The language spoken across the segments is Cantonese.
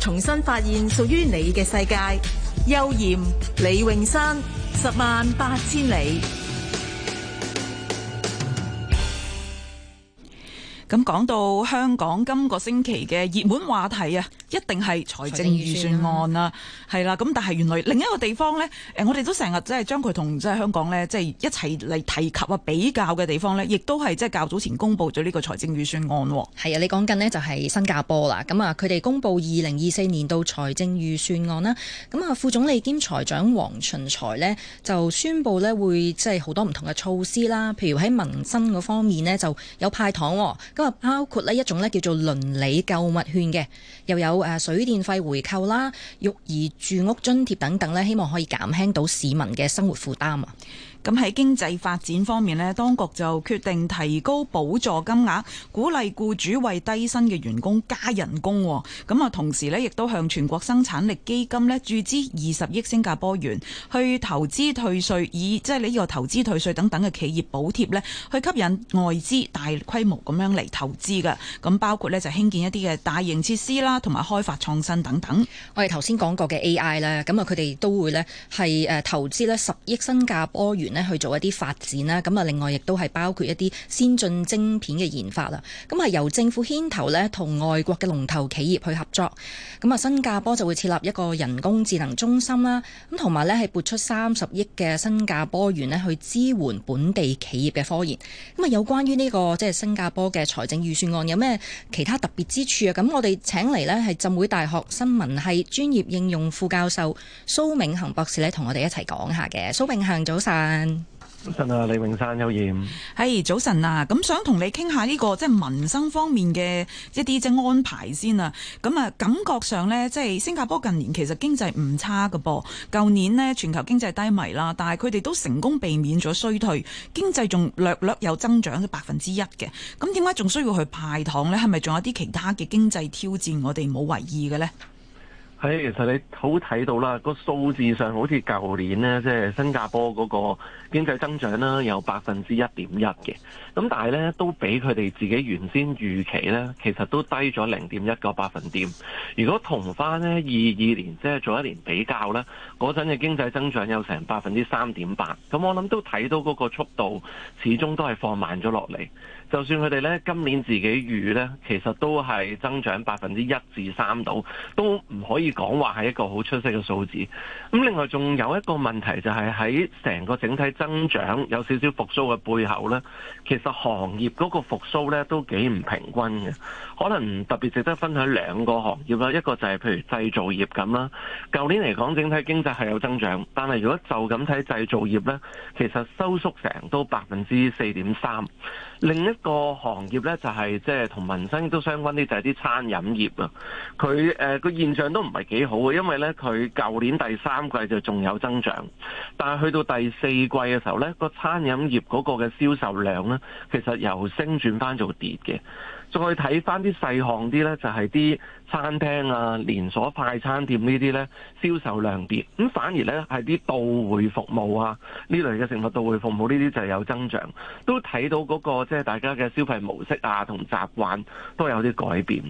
重新發現屬於你嘅世界。悠艷、李詠山，十萬八千里。咁講到香港今個星期嘅熱門話題啊！一定係財政預算案啦，係啦。咁的但係原來另一個地方呢，誒，我哋都成日即係將佢同即係香港呢，即係一齊嚟提及啊、比較嘅地方呢，亦都係即係較早前公布咗呢個財政預算案。係啊，你講緊呢就係新加坡啦。咁啊，佢哋公布二零二四年度財政預算案啦。咁啊，副總理兼財長黃循財呢，就宣布呢會即係好多唔同嘅措施啦。譬如喺民生嗰方面呢，就有派糖，咁啊包括呢一種呢叫做倫理購物券嘅，又有。誒水電費回扣啦、育兒住屋津貼等等咧，希望可以減輕到市民嘅生活負擔啊！咁喺經濟發展方面咧，當局就決定提高補助金額鼓勵僱主為低薪嘅員工加人工。咁啊，同時咧，亦都向全國生產力基金咧注資二十億新加坡元，去投資退稅，以即係呢個投資退稅等等嘅企業補貼咧，去吸引外資大規模咁樣嚟投資噶。咁包括咧就興建一啲嘅大型設施啦，同埋開發創新等等。我哋頭先講過嘅 A I 咧，咁啊，佢哋都會咧係誒投資咧十億新加坡元。咧去做一啲發展啦，咁啊，另外亦都係包括一啲先進晶片嘅研發啦，咁係由政府牽頭呢，同外國嘅龍頭企業去合作，咁啊新加坡就會設立一個人工智能中心啦，咁同埋呢，係撥出三十億嘅新加坡元呢，去支援本地企業嘅科研，咁啊有關於呢個即係新加坡嘅財政預算案有咩其他特別之處啊？咁我哋請嚟呢，係浸會大學新聞系專業應用副教授蘇銘恒博士呢，同我哋一齊講下嘅。蘇銘恒早晨。早晨啊，李永山，有艷。係、hey, 早晨啊，咁想同你傾下呢個即係民生方面嘅一啲即安排先啊。咁啊，感覺上呢，即係新加坡近年其實經濟唔差噶噃。舊年呢，全球經濟低迷啦，但係佢哋都成功避免咗衰退，經濟仲略略有增長咗百分之一嘅。咁點解仲需要去派糖呢？係咪仲有啲其他嘅經濟挑戰我哋冇為意嘅呢？係，其實你好睇到啦，個數字上好似舊年呢，即係新加坡嗰個經濟增長呢，有百分之一點一嘅。咁但係呢，都比佢哋自己原先預期呢，其實都低咗零點一個百分點。如果同翻呢，二二年，即係做一年比較呢，嗰陣嘅經濟增長有成百分之三點八。咁我諗都睇到嗰個速度，始終都係放慢咗落嚟。就算佢哋咧今年自己預咧，其實都係增長百分之一至三度，都唔可以講話係一個好出色嘅數字。咁另外仲有一個問題就係喺成個整體增長有少少復甦嘅背後咧，其實行業嗰個復甦咧都幾唔平均嘅。可能特別值得分享兩個行業啦，一個就係譬如製造業咁啦。舊年嚟講，整體經濟係有增長，但係如果就咁睇製造業咧，其實收縮成都百分之四點三。另一個行業呢，就係即係同民生都相關啲就係啲餐飲業啊，佢誒個現象都唔係幾好嘅，因為呢，佢舊年第三季就仲有增長，但係去到第四季嘅時候，呢個餐飲業嗰個嘅銷售量呢，其實由升轉翻做跌嘅。再睇翻啲細項啲呢，就係啲餐廳啊、連鎖快餐店呢啲呢，銷售量跌，咁反而呢，係啲到會服務啊，呢類嘅食物到會服務呢啲就有增長，都睇到嗰個即係大家嘅消費模式啊同習慣都有啲改變。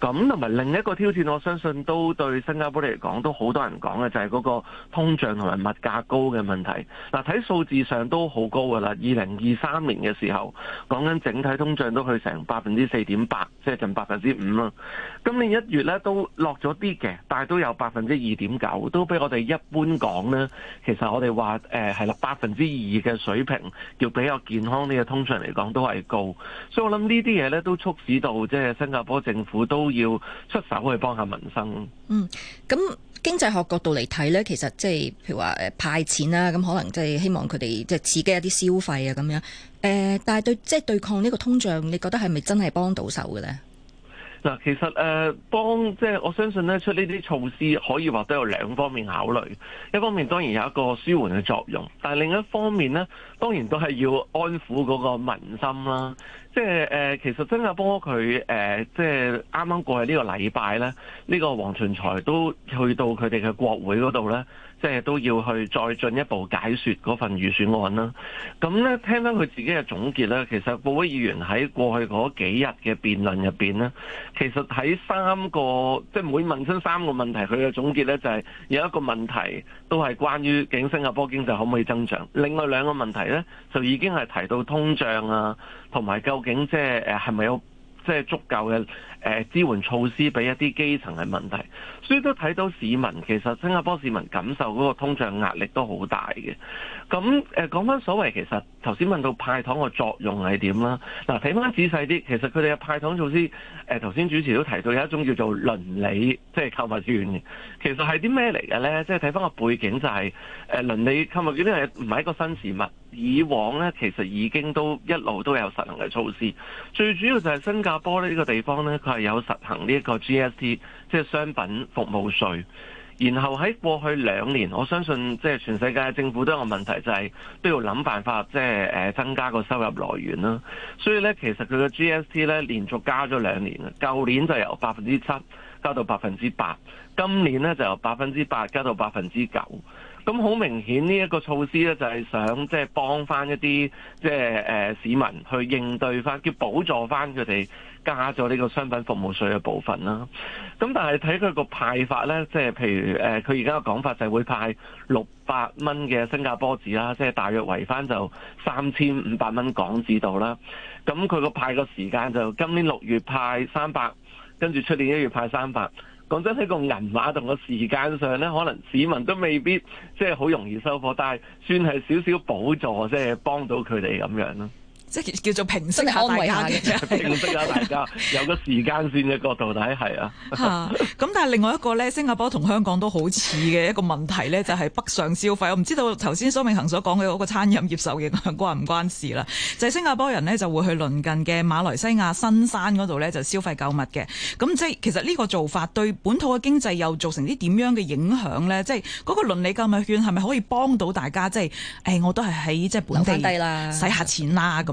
咁同埋另一個挑戰，我相信都對新加坡嚟講都好多人講嘅，就係嗰個通脹同埋物價高嘅問題。嗱，睇數字上都好高㗎啦。二零二三年嘅時候，講緊整體通脹都去成百分之四點八，即係近百分之五啦。今年一月咧都落咗啲嘅，但係都有百分之二點九，都比我哋一般講咧，其實我哋話誒係啦，百分之二嘅水平，要比較健康呢個通脹嚟講都係高。所以我諗呢啲嘢咧都促使到即係新加坡政府都要出手去幫下民生。嗯，咁經濟學角度嚟睇呢，其實即係譬如話誒派錢啦，咁可能即係希望佢哋即係刺激一啲消費啊咁樣。誒、呃，但係對即係、就是、對抗呢個通脹，你覺得係咪真係幫到手嘅呢？嗱，其實誒幫即係我相信呢出呢啲措施可以話都有兩方面考慮，一方面當然有一個舒緩嘅作用，但係另一方面呢，當然都係要安撫嗰個民心啦。即係誒，其實新加坡佢誒，即係啱啱過去個呢個禮拜呢，呢個黃循財都去到佢哋嘅國會嗰度呢，即係都要去再進一步解說嗰份預算案啦。咁呢，聽返佢自己嘅總結咧，其實國會議員喺過去嗰幾日嘅辯論入邊呢，其實喺三個即係每問出三個問題，佢嘅總結呢，就係有一個問題都係關於緊新加坡經濟可唔可以增長，另外兩個問題呢，就已經係提到通脹啊。同埋究竟即係係係咪有即係足夠嘅誒支援措施俾一啲基層嘅問題，所以都睇到市民其實新加坡市民感受嗰個通脹壓力都好大嘅。咁誒講翻所謂其實頭先問到派糖嘅作用係點啦？嗱，睇翻仔細啲，其實佢哋嘅派糖措施誒頭先主持都提到有一種叫做倫理，即係購物券嘅。其實係啲咩嚟嘅咧？即係睇翻個背景就係誒倫理購物券呢樣嘢唔係一個新事物，以往咧其實已經都一路都有實行嘅措施。最主要就係新加坡呢個地方咧，佢係有實行呢一個 GST，即係商品服務稅。然後喺過去兩年，我相信即係全世界嘅政府都有個問題，就係都要諗辦法，即係誒增加個收入來源啦。所以咧，其實佢嘅 GST 咧連續加咗兩年啦。舊年就由百分之七加到百分之八，今年咧就由百分之八加到百分之九。咁好明顯呢一個措施咧，就係想即係幫翻一啲即係誒市民去應對翻，叫補助翻佢哋加咗呢個商品服務稅嘅部分啦。咁但係睇佢個派法咧，即係譬如誒，佢而家嘅講法就係會派六百蚊嘅新加坡紙啦，即係大約維翻就三千五百蚊港紙度啦。咁佢個派個時間就今年六月派三百，跟住出年一月派三百。講真，喺個銀碼同個時間上呢，可能市民都未必即係好容易收貨，但係算係少少補助，即係幫到佢哋咁樣。即係叫做平息下大家，平息下大家，有個時間線嘅角度睇，係啊。咁但係另外一個咧，新加坡同香港都好似嘅一個問題咧，就係北上消費。我唔知道頭先蘇銘恒所講嘅嗰個餐飲業受影響關唔關事啦？就係、是、新加坡人呢，就會去鄰近嘅馬來西亞新山嗰度咧就消費購物嘅。咁即係其實呢個做法對本土嘅經濟又造成啲點樣嘅影響咧？即係嗰個鄰里購物券係咪可以幫到大家？即、就、係、是哎、我都係喺即係本地使下錢啦、啊、咁。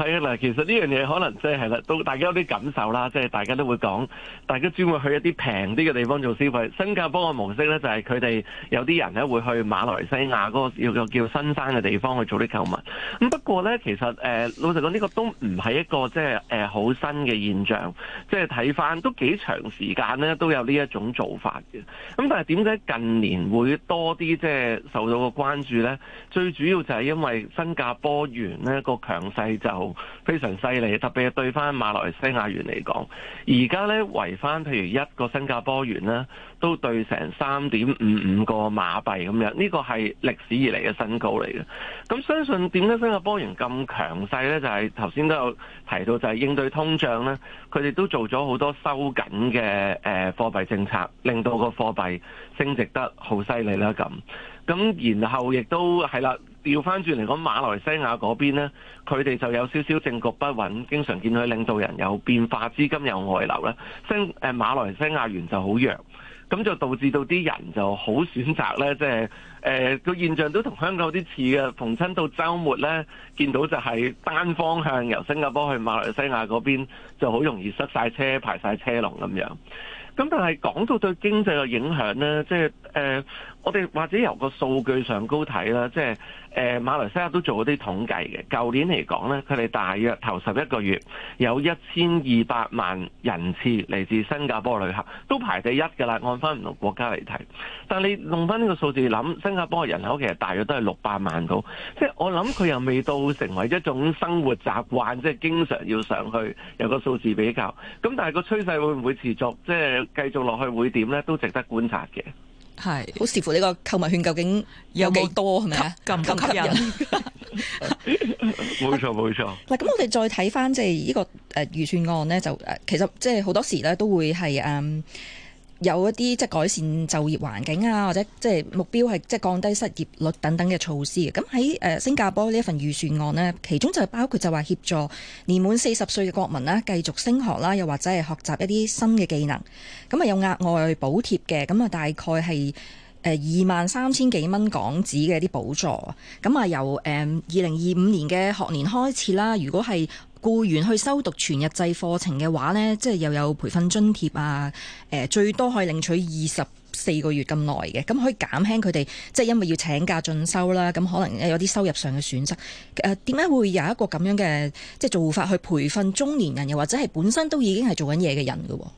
係啊，嗱，其實呢樣嘢可能即係啦，都大家有啲感受啦，即係大家都會講，大家專會去一啲平啲嘅地方做消費。新加坡嘅模式咧，就係佢哋有啲人咧會去馬來西亞嗰個叫叫新山嘅地方去做啲購物。咁不過咧，其實誒，老實講呢個都唔係一個即係好新嘅現象，即係睇翻都幾長時間咧都有呢一種做法嘅。咁但係點解近年會多啲即係受到個關注咧？最主要就係因為新加坡元呢個強勢就，非常犀利，特別係對翻馬來西亞元嚟講，而家咧圍翻，譬如一個新加坡元呢，都對成三點五五個馬幣咁樣，呢、這個係歷史以嚟嘅新高嚟嘅。咁相信點解新加坡元咁強勢咧？就係頭先都有提到，就係應對通脹咧，佢哋都做咗好多收緊嘅誒、呃、貨幣政策，令到個貨幣升值得好犀利啦咁。咁然後亦都係啦。調翻轉嚟講，馬來西亞嗰邊呢，佢哋就有少少政局不穩，經常見到啲領導人有變化，資金有外流啦，升誒馬來西亞元就好弱，咁就導致到啲人就好選擇呢即係誒個現象都同香港有啲似嘅。逢親到周末呢，見到就係單方向由新加坡去馬來西亞嗰邊就好容易塞晒車、排晒車龍咁樣。咁但係講到對經濟嘅影響呢，即係誒我哋或者由個數據上高睇啦，即係。誒馬來西亞都做咗啲統計嘅，舊年嚟講呢，佢哋大約頭十一個月有一千二百萬人次嚟自新加坡旅客，都排第一㗎啦。按翻唔同國家嚟睇，但係你用翻呢個數字諗，新加坡人口其實大約都係六百萬到，即係我諗佢又未到成為一種生活習慣，即係經常要上去有個數字比較。咁但係個趨勢會唔會持續，即係繼續落去會點呢？都值得觀察嘅。係，是好視乎呢個購物券究竟有幾多，係咪啊？吸唔吸引？冇錯，冇錯。嗱、這個，咁我哋再睇翻即係呢個誒預算案咧，就誒其實即係好多時咧都會係誒。嗯有一啲即係改善就業環境啊，或者即係目標係即係降低失業率等等嘅措施。咁喺誒新加坡呢一份預算案呢，其中就係包括就話協助年滿四十歲嘅國民啦繼續升學啦，又或者係學習一啲新嘅技能。咁啊有額外補貼嘅，咁啊大概係誒二萬三千幾蚊港紙嘅一啲補助。咁啊由誒二零二五年嘅學年開始啦，如果係。僱員去修讀全日制課程嘅話呢，即係又有培訓津貼啊！誒、呃，最多可以領取二十四個月咁耐嘅，咁可以減輕佢哋即係因為要請假進修啦，咁可能有啲收入上嘅損失。誒、呃，點解會有一個咁樣嘅即係做法去培訓中年人，又或者係本身都已經係做緊嘢嘅人喎？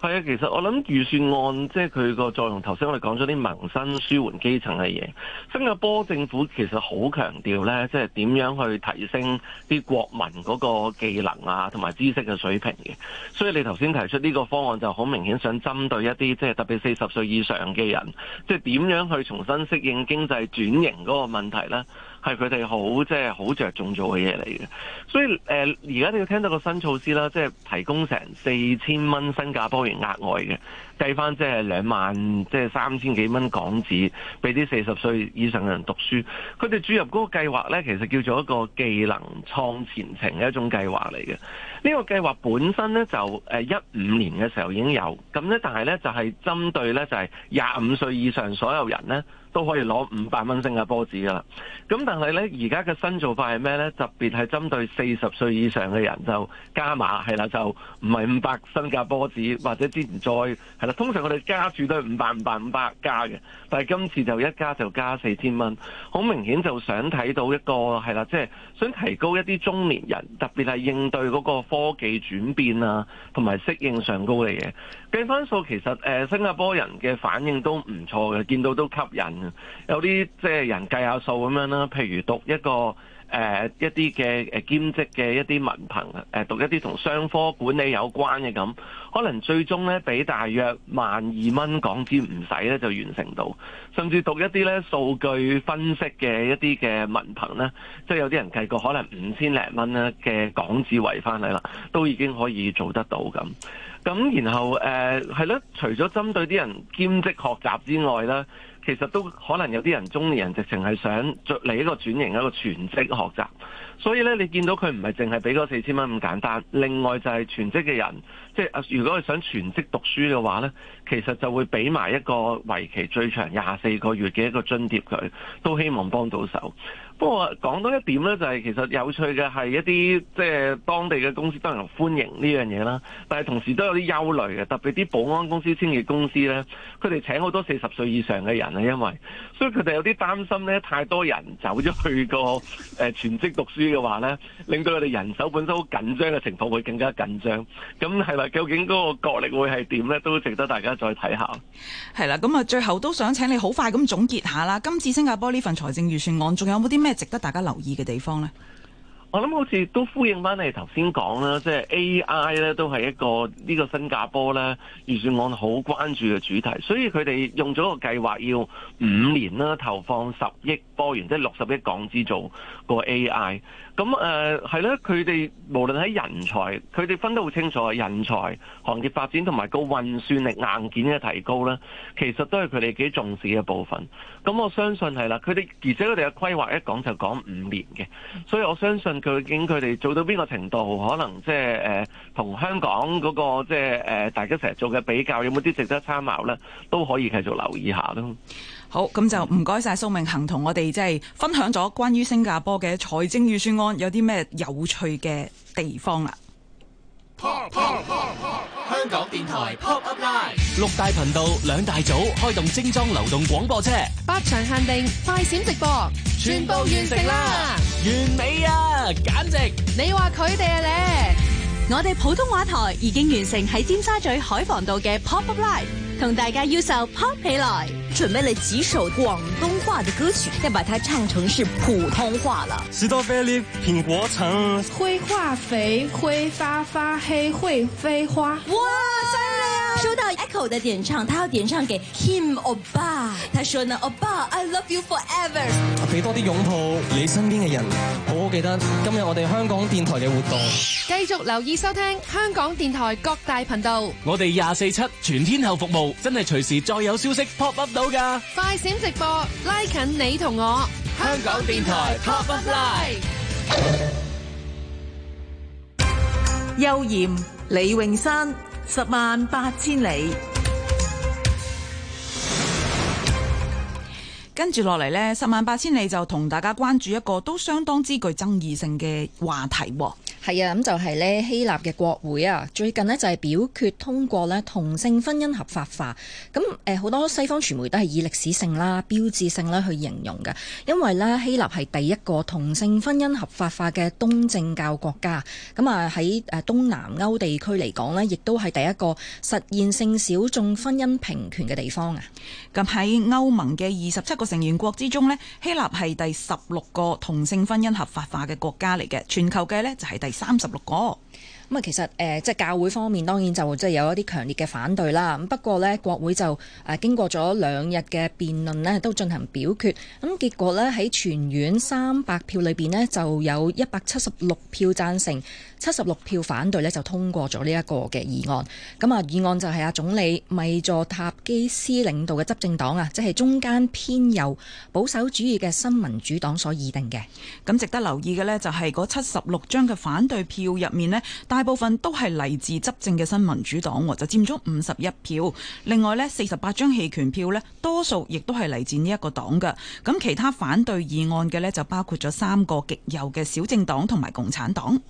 係啊，其實我諗預算案即係佢個作用。頭先我哋講咗啲民生、舒緩基層嘅嘢。新加坡政府其實好強調呢，即係點樣去提升啲國民嗰個技能啊，同埋知識嘅水平嘅。所以你頭先提出呢個方案就好明顯，想針對一啲即係特別四十歲以上嘅人，即係點樣去重新適應經濟轉型嗰個問題呢？係佢哋好即係好着重做嘅嘢嚟嘅，所以誒而家你要聽到個新措施啦，即係提供成四千蚊新加坡元額外嘅。計翻即係兩萬，即係三千幾蚊港紙，俾啲四十歲以上嘅人讀書。佢哋注入嗰個計劃呢，其實叫做一個技能創前程嘅一種計劃嚟嘅。呢個計劃本身呢，就誒一五年嘅時候已經有，咁呢，但係呢，就係針對呢，就係廿五歲以上所有人呢，都可以攞五百蚊新加坡紙噶啦。咁但係呢，而家嘅新做法係咩呢？特別係針對四十歲以上嘅人就加碼係啦，就唔係五百新加坡紙，或者之前再係。通常我哋加住都係五百五百五百加嘅，但係今次就一加就加四千蚊，好明顯就想睇到一個係啦，即係、就是、想提高一啲中年人，特別係應對嗰個科技轉變啊，同埋適應上高嘅嘢計返數。其實誒、呃，新加坡人嘅反應都唔錯嘅，見到都吸引，有啲即係人計下數咁樣啦，譬如讀一個。誒、呃、一啲嘅兼職嘅一啲文憑誒讀一啲同商科管理有關嘅，咁，可能最終咧俾大約萬二蚊港紙唔使咧就完成到，甚至讀一啲咧數據分析嘅一啲嘅文憑咧，即係有啲人計過可能五千零蚊咧嘅港紙圍翻嚟啦，都已經可以做得到咁。咁然後誒係咯，除咗針對啲人兼職學習之外咧。其實都可能有啲人中年人直情係想着嚟，一個轉型，一個全職學習，所以咧你見到佢唔係淨係俾嗰四千蚊咁簡單，另外就係全職嘅人。即係如果佢想全職讀書嘅話呢，其實就會俾埋一個為期最長廿四個月嘅一個津貼佢，都希望幫到手。不過講多一點呢、就係，就係其實有趣嘅係一啲即係當地嘅公司當然歡迎呢樣嘢啦，但係同時都有啲憂慮嘅，特別啲保安公司、清潔公司呢，佢哋請好多四十歲以上嘅人啊，因為所以佢哋有啲擔心呢，太多人走咗去個誒全職讀書嘅話呢，令到佢哋人手本身好緊張嘅情況會更加緊張。咁係咪？究竟嗰個角力會係點呢？都值得大家再睇下。係啦，咁啊，最後都想請你好快咁總結下啦。今次新加坡呢份財政預算案，仲有冇啲咩值得大家留意嘅地方呢？我諗好似都呼應翻你頭先講啦，即係、就是、A.I. 咧都係一個呢、這個新加坡咧預算案好關注嘅主題，所以佢哋用咗個計劃要五年啦，投放十億坡元，即係六十億港元做個 A.I. 咁，誒係咧，佢哋、呃、無論喺人才，佢哋分得好清楚，人才行業發展同埋個運算力硬件嘅提高咧，其實都係佢哋幾重視嘅部分。咁我相信係啦，佢哋而且佢哋嘅規劃一講就講五年嘅，所以我相信。究竟佢哋做到邊個程度，可能即係誒，同，呃、香港，嗰個即係誒，大家成日做嘅比較，有冇啲值得參考咧？都可以繼續留意一下咯。好，咁就唔該晒蘇明恒同我哋即係分享咗關於新加坡嘅財政預算案有啲咩有趣嘅地方啦。香港電台 Pop Up Live，六大頻道兩大組，開動精裝流動廣播車，八場限定快閃直播，全部完成啦！完美啊！簡直！你話佢哋咧？我哋普通話台已經完成喺尖沙咀海防道嘅 Pop Up Live，同大家要唱 Pop 起來，準備了幾首廣東話的歌曲，要把它唱成是普通話了。士多啤梨、蘋果橙灰、灰化肥揮發發黑會飛花。哇！哇收到 Echo 嘅點唱，他要點唱俾 Kim Oba. 他說呢，Oba, I love you forever. 俾多啲擁抱，你身邊嘅人，好好記得。今日我哋香港電台嘅活動，繼續留意收聽香港電台各大頻道。我哋廿四七全天候服務，真係隨時再有消息 pop up 到噶快閃直播拉近你同我，香港電台 pop up live. 韋嚴李詠山。十萬八千里，跟住落嚟，呢十萬八千里就同大家關注一個都相當之具爭議性嘅話題。係啊，咁就係咧希臘嘅國會啊，最近呢就係表決通過咧同性婚姻合法化。咁誒，好多西方傳媒都係以歷史性啦、標誌性啦去形容嘅，因為咧希臘係第一個同性婚姻合法化嘅東正教國家。咁啊喺誒東南歐地區嚟講呢，亦都係第一個實現性小眾婚姻平權嘅地方啊。咁喺歐盟嘅二十七個成員國之中呢，希臘係第十六個同性婚姻合法化嘅國家嚟嘅。全球嘅呢，就係第。三十六個。咁啊，其實，誒、呃，即係教會方面當然就即係有一啲強烈嘅反對啦。咁不過咧，國會就誒經過咗兩日嘅辯論咧，都進行表決。咁結果咧，喺全院三百票裏邊咧，就有一百七十六票贊成，七十六票反對咧，就通過咗呢一個嘅議案。咁啊，議案就係阿總理米佐塔基斯領導嘅執政黨啊，即係中間偏右保守主義嘅新民主黨所擬定嘅。咁值得留意嘅咧，就係嗰七十六張嘅反對票入面咧。大部分都係嚟自執政嘅新民主黨，就佔咗五十一票。另外呢，四十八張棄權票呢，多數亦都係嚟自呢一個黨嘅。咁其他反對議案嘅呢，就包括咗三個極右嘅小政黨同埋共產黨。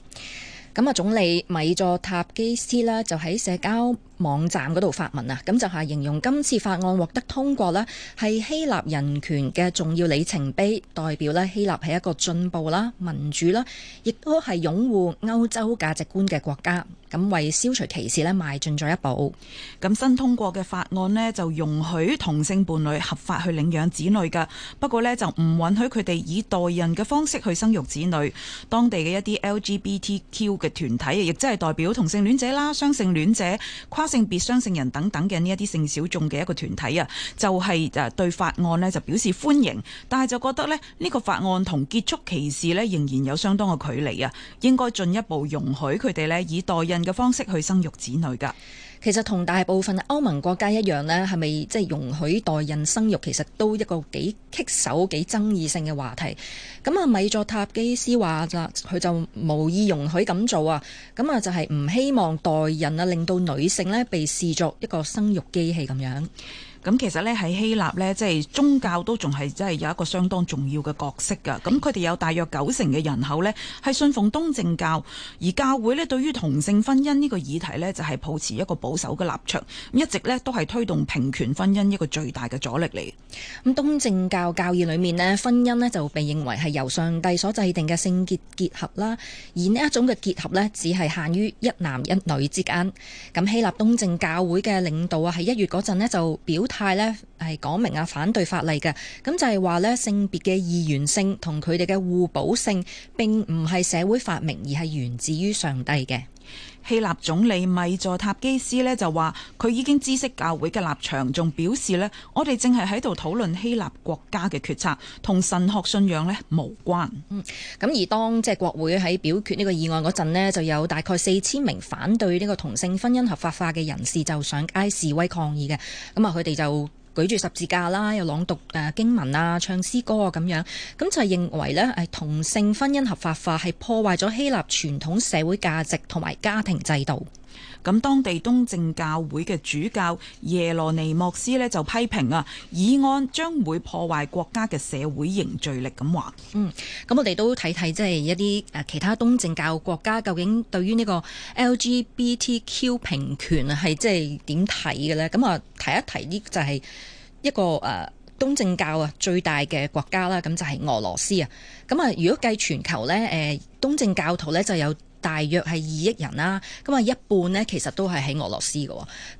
咁啊，總理米佐塔基斯咧，就喺社交。網站嗰度發文啊，咁就係形容今次法案獲得通過咧，係希臘人權嘅重要里程碑，代表呢希臘係一個進步啦、民主啦，亦都係擁護歐洲價值觀嘅國家，咁為消除歧視呢，邁進咗一步。咁新通過嘅法案呢，就容許同性伴侶合法去領養子女嘅，不過呢，就唔允許佢哋以代孕嘅方式去生育子女。當地嘅一啲 LGBTQ 嘅團體，亦即係代表同性戀者啦、雙性戀者、跨性別雙性人等等嘅呢一啲性小眾嘅一個團體啊，就係、是、誒對法案呢就表示歡迎，但係就覺得咧呢、這個法案同結束歧視呢，仍然有相當嘅距離啊，應該進一步容許佢哋呢以代孕嘅方式去生育子女噶。其實同大部分歐盟國家一樣，呢係咪即容許代孕生育？其實都一個幾棘手、幾爭議性嘅話題。咁啊，米佐塔基斯話佢就無意容許咁做啊。咁啊，就係唔希望代孕啊，令到女性呢被視作一個生育機器咁樣。咁其實咧喺希臘咧，即係宗教都仲係即係有一個相當重要嘅角色㗎。咁佢哋有大約九成嘅人口呢，係信奉東正教，而教會呢，對於同性婚姻呢個議題呢，就係抱持一個保守嘅立場，一直呢，都係推動平權婚姻一個最大嘅阻力嚟。咁東正教教義裏面呢，婚姻呢，就被認為係由上帝所制定嘅聖潔結合啦，而呢一種嘅結合呢，只係限於一男一女之間。咁希臘東正教會嘅領導啊，喺一月嗰陣咧就表。派呢係講明啊，反對法例嘅，咁就係話呢性別嘅二元性同佢哋嘅互補性並唔係社會發明，而係源自於上帝嘅。希臘總理米佐塔基斯呢就話：佢已經知悉教會嘅立場，仲表示呢我哋淨係喺度討論希臘國家嘅決策，同神學信仰呢無關。嗯，咁而當即係國會喺表決呢個議案嗰陣就有大概四千名反對呢個同性婚姻合法化嘅人士就上街示威抗議嘅。咁啊，佢哋就舉住十字架啦，又朗讀誒經文啊，唱詩歌啊，咁樣，咁就認為咧，誒同性婚姻合法化係破壞咗希臘傳統社會價值同埋家庭制度。咁，當地東正教會嘅主教耶羅尼莫斯呢，就批評啊，議案將會破壞國家嘅社會凝聚力，咁話。嗯，咁我哋都睇睇即係一啲誒其他東正教國家究竟對於呢個 LGBTQ 平權啊係即係點睇嘅呢？咁啊提一提呢就係一個誒東正教啊最大嘅國家啦，咁就係俄羅斯啊。咁啊，如果計全球呢，誒東正教徒呢就有。大約係二億人啦，咁啊一半呢其實都係喺俄羅斯嘅，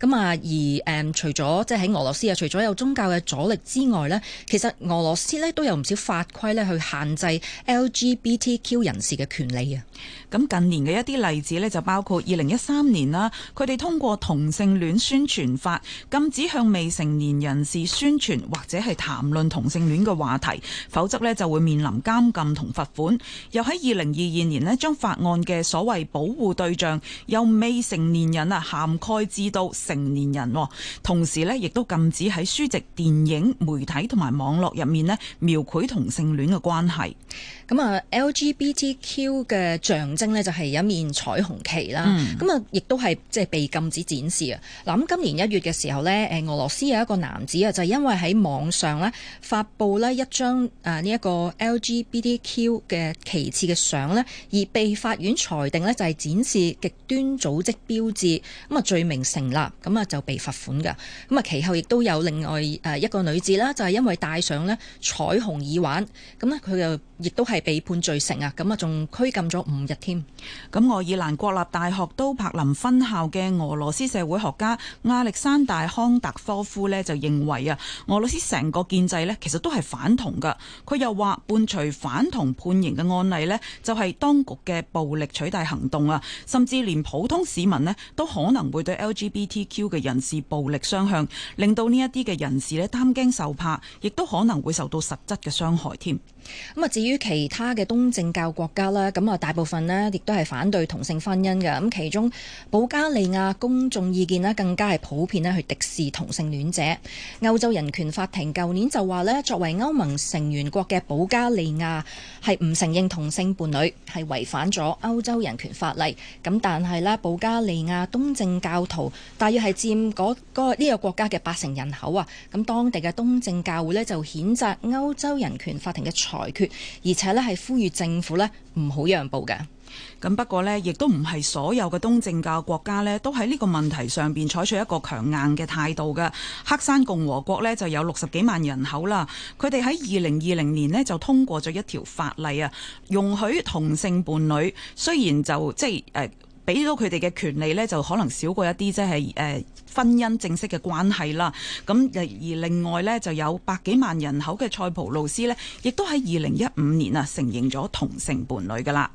咁啊而誒除咗即係喺俄羅斯啊，除咗有宗教嘅阻力之外呢，其實俄羅斯呢都有唔少法規呢去限制 LGBTQ 人士嘅權利啊。咁近年嘅一啲例子呢，就包括二零一三年啦，佢哋通過同性戀宣傳法，禁止向未成年人士宣傳或者係談論同性戀嘅話題，否則呢就會面臨監禁同罰款。又喺二零二二年呢，將法案嘅。所謂保護對象由未成年人啊涵蓋至到成年人，同時咧亦都禁止喺書籍、電影、媒體同埋網絡入面呢描繪同性戀嘅關係。咁啊，LGBTQ 嘅象徵呢就係一面彩虹旗啦。咁啊、嗯，亦都係即係被禁止展示啊。嗱，咁今年一月嘅時候呢，誒俄羅斯有一個男子啊，就係因為喺網上呢發佈呢一張啊呢一個 LGBTQ 嘅旗幟嘅相呢，而被法院裁。裁定呢就係展示極端組織標誌，咁啊罪名成立，咁啊就被罰款噶。咁啊其後亦都有另外誒一個女子啦，就係因為戴上咧彩虹耳環，咁咧佢又亦都係被判罪成啊，咁啊仲拘禁咗五日添。咁愛爾蘭國立大學都柏林分校嘅俄羅斯社會學家亞歷山大康達科夫咧就認為啊，俄羅斯成個建制咧其實都係反同噶。佢又話，伴隨反同判刑嘅案例咧，就係當局嘅暴力取。舉大行動啊，甚至連普通市民呢，都可能會對 LGBTQ 嘅人士暴力相向，令到呢一啲嘅人士呢擔驚受怕，亦都可能會受到實質嘅傷害添。咁啊，至於其他嘅東正教國家啦，咁啊，大部分呢，亦都係反對同性婚姻嘅。咁其中保加利亞公眾意見呢，更加係普遍去敵視同性戀者。歐洲人權法庭舊年就話呢，作為歐盟成員國嘅保加利亞，係唔承認同性伴侶，係違反咗歐洲。人權法例咁，但係咧，保加利亞東正教徒大約係佔嗰呢個國家嘅八成人口啊。咁當地嘅東正教會呢，就譴責歐洲人權法庭嘅裁決，而且呢，係呼籲政府呢唔好讓步嘅。咁不過呢，亦都唔係所有嘅東正教國家呢，都喺呢個問題上邊採取一個強硬嘅態度嘅。黑山共和國呢，就有六十幾萬人口啦，佢哋喺二零二零年呢，就通過咗一條法例啊，容許同性伴侶。雖然就即係誒，呃、俾到佢哋嘅權利呢，就可能少過一啲即係誒、呃、婚姻正式嘅關係啦。咁而另外呢，就有百幾萬人口嘅塞浦路斯呢，亦都喺二零一五年啊承認咗同性伴侶噶啦。